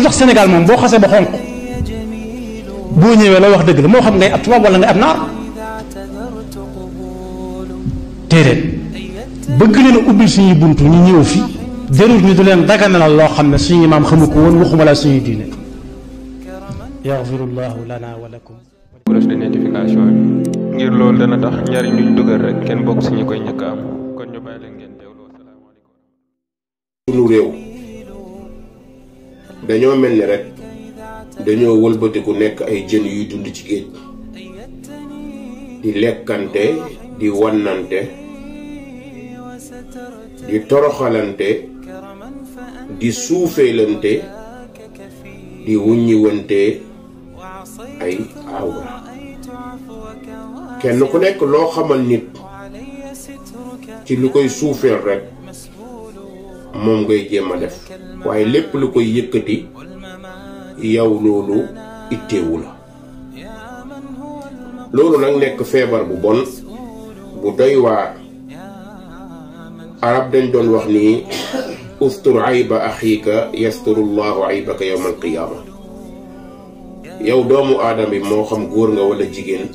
lu tax Sénégal moom boo xasee ba xonq boo ñëwee loo wax dëgg la moo xam ngay ab tubaab wala ngay ab naar déedéet bëgg leen a ubbil suñuy buntu ñu ñëw fi jërul ñu du leen daganalal loo xam ne suñu maam xamu ko woon waxuma la suñuy diine yaxfirullahu lana wa lakum cloche de notification bi ngir loolu dana tax rek kenn bokk suñu koy njëkk am kon ñu bàyyi leen ngeen teewlu salaamaaleykum réew dañoo mel ni rek dañoo wëlbatiku nekk ay jën yuy dudd ci géej di lekkante di wannante di toroxalante di suufeelante di wuññiwante ay awra kenn ku nekk loo xamal nit ci lu koy suufeel rek moom ngay jéem a def waaye lépp lu koy yëkkati yow loolu itteewu la loolu nag nekk feebar bu bon bu doy waa arab dañ doon wax ni ustur ayba axiika yasturullahu aybaka yowm yow doomu aadama bi moo xam góor nga wala jigéen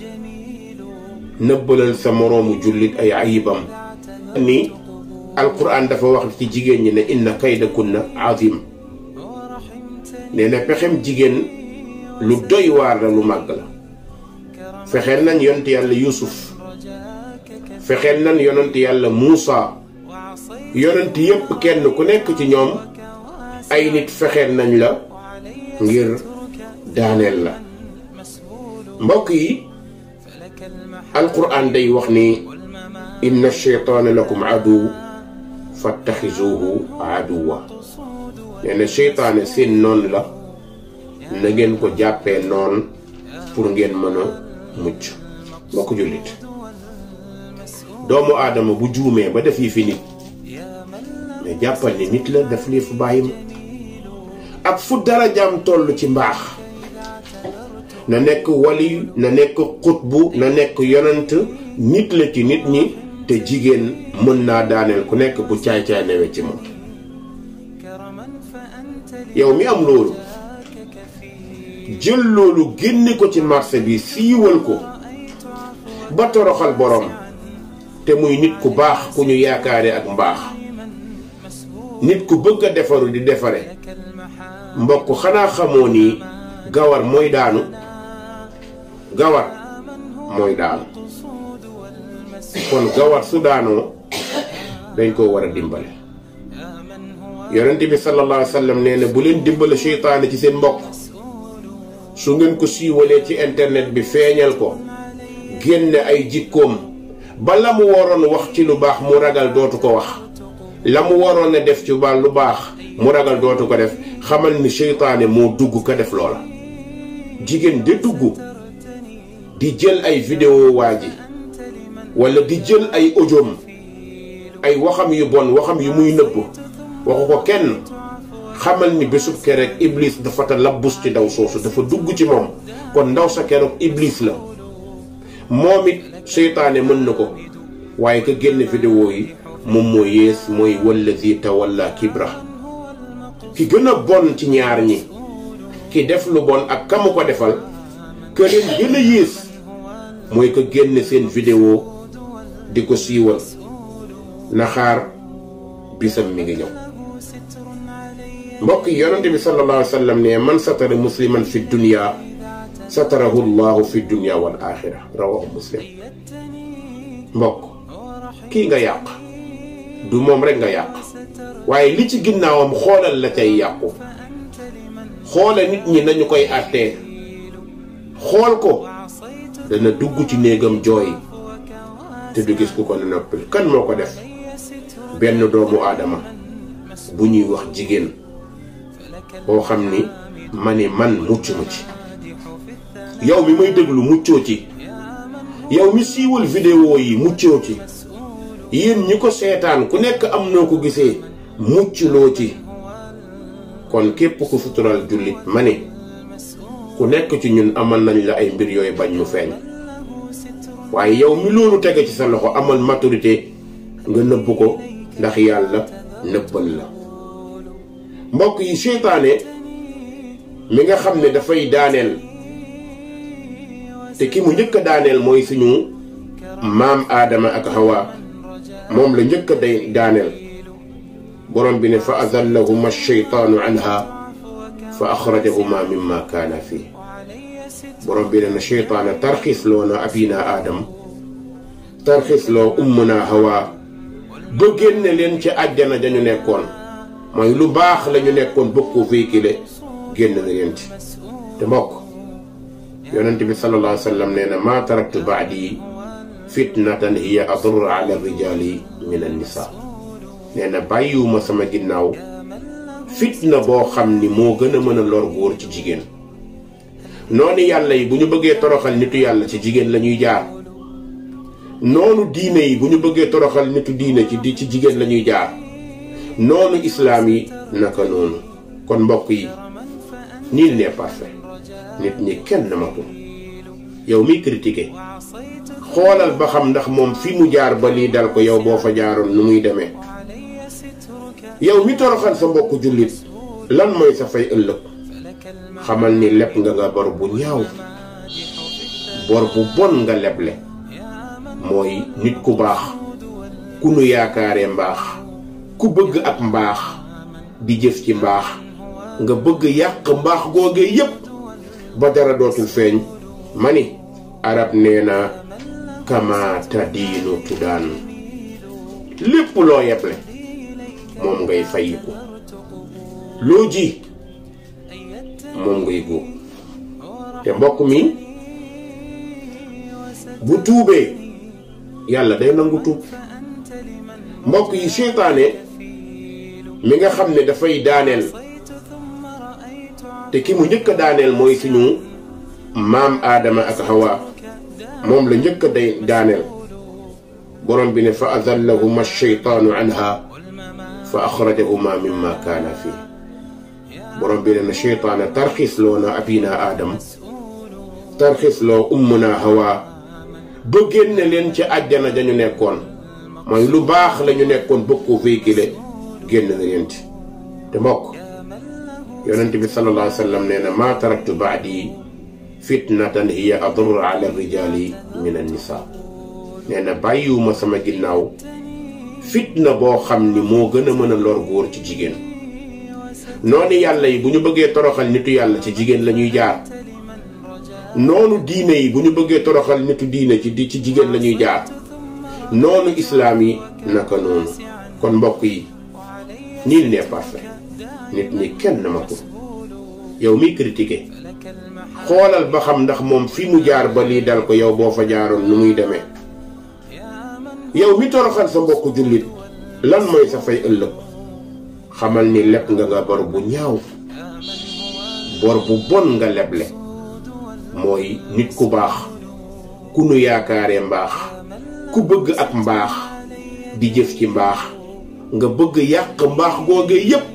nëbbalal sa moroomu jullit ay ayibam ni alquran dafa wax ci jigéen ñi ne inna kaydakunna azim nee na pexem jigéen lu doy waar la lu màgg la fexeel nañ yonent yàlla yusuf fexeel nañ yonent yàlla muusa yonent yépp kenn ku nekk ci ñoom ay nit fexeel nañ la ngir daaneel la mbokk yi alquran day wax ni inna cheytaana lakum aduw fattaxizuhu aduwa nee na seytaane seen noon la na ngeen ko jàppee noon pour ngeen mën a mucc mbokk jullit doomu aadama bu juumee ba def yi fi nit mais jàppal ni nit la def lii fu bàyyi ma ak fu dara jaam toll ci mbaax na nekk wali na nekk xutbu na nekk yonant nit la ci nit ñi te jigéen mën naa daaneel ku nekk bu caay-caay newee ci moom yow mi am loolu jël loolu génne ko ci marché bi siiwal ko ba toroxal borom te muy nit ku baax ku ñu yaakaare ak mbaax nit ku bëgg a defaru di defare mbokk xanaa xamoo ni gawar mooy daanu gawar mooy daanu kon gawar su daanoo dañ koo war a dimbale yonent bi sallallahu alayhi wa nee na bu leen dimbale seytaane ci seen mbokk su ngeen ko siiwalee ci internet bi feeñal ko génne ay jikkoom ba la mu waroon wax ci lu baax mu ragal dootu ko wax la mu waroon a def ci ba lu baax mu ragal dootu ko def xamal ni seytaane moo dugg ko def lool jigéen de dugg di jël ay vidéo waa ji wala di jël ay audiom ay waxam yu bon waxam yu muy nëbb waxu ko kenn xamal ni bésub keroog iblis dafa ta labbus ci ndaw soosu dafa dugg ci moom kon ndaw sa keroog iblis la moom it seytaane mën na ko waaye ka génn vidéo yi moom moo yées mooy wallazi tawalla kibra ki gën a bon ci ñaar ñi ki def lu bon ak kamu ko defal que leen yées mooy ka génn seen vidéo di ko siiwal na xaar bisam mi ngi ñëw mbokk yi yonente bi sallallahu alayhi wa sallam ne man satara musliman fi dunya satarahu llahu fi dunya wal axira rawahu muslim mbokk kii nga yàq du moom rek nga yàq waaye li ci ginnaawam xoolal la cay yàqu xoola nit ñi nañu koy àttee xool ko dana dugg ci néegam jooy te du gis ku ko noppil kan moo ko def benn doomu aadama bu ñuy wax jigéen koo xam ni ma ni man mucc ma ci yow mi may déglu muccoo ci yow mi siiwal vidéo yi muccoo ci yéen ñi ko seetaan ku nekk am noo ko gisee mucculoo ci kon képp ku sutural jullit ma ni ku nekk ci ñun amal nañ la ay mbir yooyu bañ mu feeñ waaye yow mi loolu tege ci sa loxo amal maturité nga nëbbu ko ndax yàlla nëbbal la mbokk yi seytaane mi nga xam ne dafay daaneel te ki mu njëkk a daaneel mooy suñu maam aadama ak hawa moom la njëkk a day daaneel borom bi ne fa azallahuma alcheytaanu anha fa axrajahuma mimma kaana fii borom bi nee na cheytaana tarxisloo na abina aadam tarxisloo umm naa hawa ba génne leen ci àjjana dañu nekkoon mooy lu baax lañu nekkoon bëgg ko véhiculer génn na leen te mbokk yonent bi sallallahu alayhi wa sallam nee na maa taraktu baadi fitnatan hiya adarru ala rijaali min annisa nee na bàyyiwuma sama ginnaaw fitna boo xam ni moo gën a mën a lor ci jigéen noonu yàlla yi bu ñu bëggee toroxal nit yàlla ci jigéen la ñuy jaar noonu diine yi bu ñu bëggee toroxal nitu diine ci di ci jigéen la ñuy jaar noonu islaam yi naka noonu kon mbokk yi nul n'est parfait nit ñi kenn matul yow miy critiqué xoolal ba xam ndax moom fi mu jaar ba lii dal ko yow boo fa jaaroon nu muy demee yow mi toroxal sa mbokku jullit lan mooy sa fay ëllëg xamal ni lépp nga nga bor bu ñaaw bor bu bon nga leble mooy nit ku baax ku nu yaakaare mbaax ku bëgg ab mbaax di jëf ci mbaax nga bëgg yàq mbaax googee yépp ba dara dootul feeñ ma ni arab nee na kamaata diinu tuddaan lépp loo yeble moom ngay fayiku loo ji moom te mbokk mi bu tuubee yàlla day nangu yi seytaane mi nga xam ne dafay daaneel te ki mu njëkk a daaneel mooy suñu maam aadama ak hawa moom la njëkk a day daaneel borom bi ne fa azallahuma alcheytaanu anha fa axrajahuma mimma kaana borom bi nee na cheytaana tarxisloo na abina aadam tarxisloo ummuna hawa ba génne leen ci àjjana dañu nekkoon mooy lu baax lañu nekkoon bëgg ko véhiculer génn na leen ci te mbokk yonent bi sallallahu alayhi wa sallam nee na maa taraktu baadi fitnatan hiya adur ala rijaali min annisa nee na bàyyiwuma sama ginnaaw fitna boo xam ni moo gën a mën a lor góor ci jigéen noonu yàlla yi bu ñu bëggee toroxal nitu yàlla ci jigéen la ñuy jaar noonu diine yi bu ñu bëggee toroxal nitu diine ci di ci jigéen la ñuy jaar noonu islaam yi naka noonu kon mbokk yi nul n'est parfait nit ñi kenn matul yow miy critiquer xoolal ba xam ndax moom fi mu jaar ba lii dal ko yow boo fa jaaroon nu muy demee yow mi toroxal sa mbokku jullit lan mooy sa fay ëllëg xamal ni leb nga nga bor bu ñaaw bor bu bon nga leble mooy nit ku baax ku nu yaakaare mbaax ku bëgg ak mbaax di jëf ci mbaax nga bëgg yàq mbaax googe yépp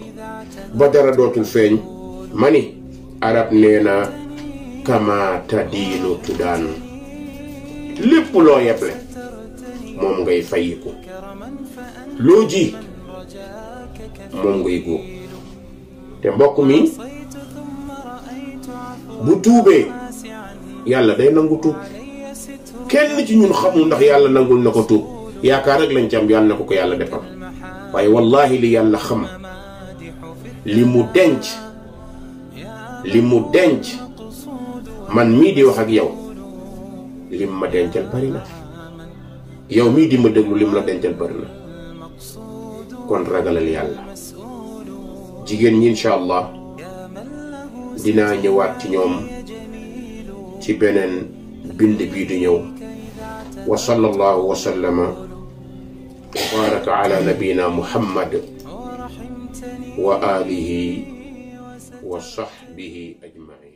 ba dara dootul feeñ ma ni arab nee na kamaata diinu tuddaan lépp loo yeble moom ngay fayiku loo ji moom ngay góob te mbokk mi bu tuubee yàlla day nangu tuub kenn ci ñun xamul ndax yàlla nangul na ko tuub yaakaar rek lañ ci yàlla na ko ko yàlla defal waaye wallaahi li yàlla xam li mu denc li mu denc man mii di wax ak yow lim ma dencal bari na yow mii di ma déglu lim la dencal bari na kon ragalal yàlla jigéen ñi incha allah dinaa ñëwaat ci ñoom ci beneen bind bii di ñëw wa sallallahu wa sallama wa baraka ala nabina muhammad wa alihi wa sahbihi ajmain